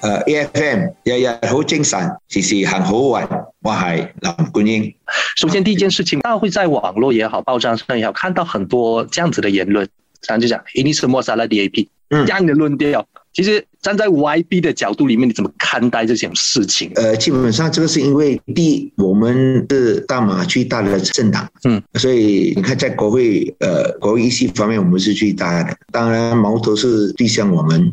呃 A F M 日日好精神，時時行好運，我係林冠英。首先第一件事情，大家會在網絡也好、報章上也好，看到很多這樣子的言論論，就講一定是抹殺了 D A P，嗯，這樣的論調。其實站在 Y B 的角度裏面，你怎麼看待這件事情？呃，基本上這個是因為第一我們是大馬最大的政黨，嗯，所以你看在國會，呃，國會議席方面，我們是最大的。當然矛頭是對向我們。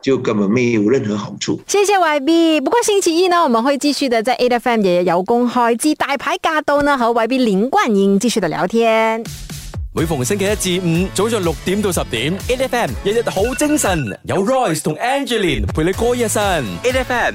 就根本沒有任何好處。謝謝 Y B，不過星期一呢，我們會繼續的在 A F M 日日有工開之大牌駕到呢，和 Y B 林冠英繼續的聊天。每逢星期一至五早上六點到十點，A F M 日日好精神，有 Royce 同 Angeline 陪你過一生，A F M。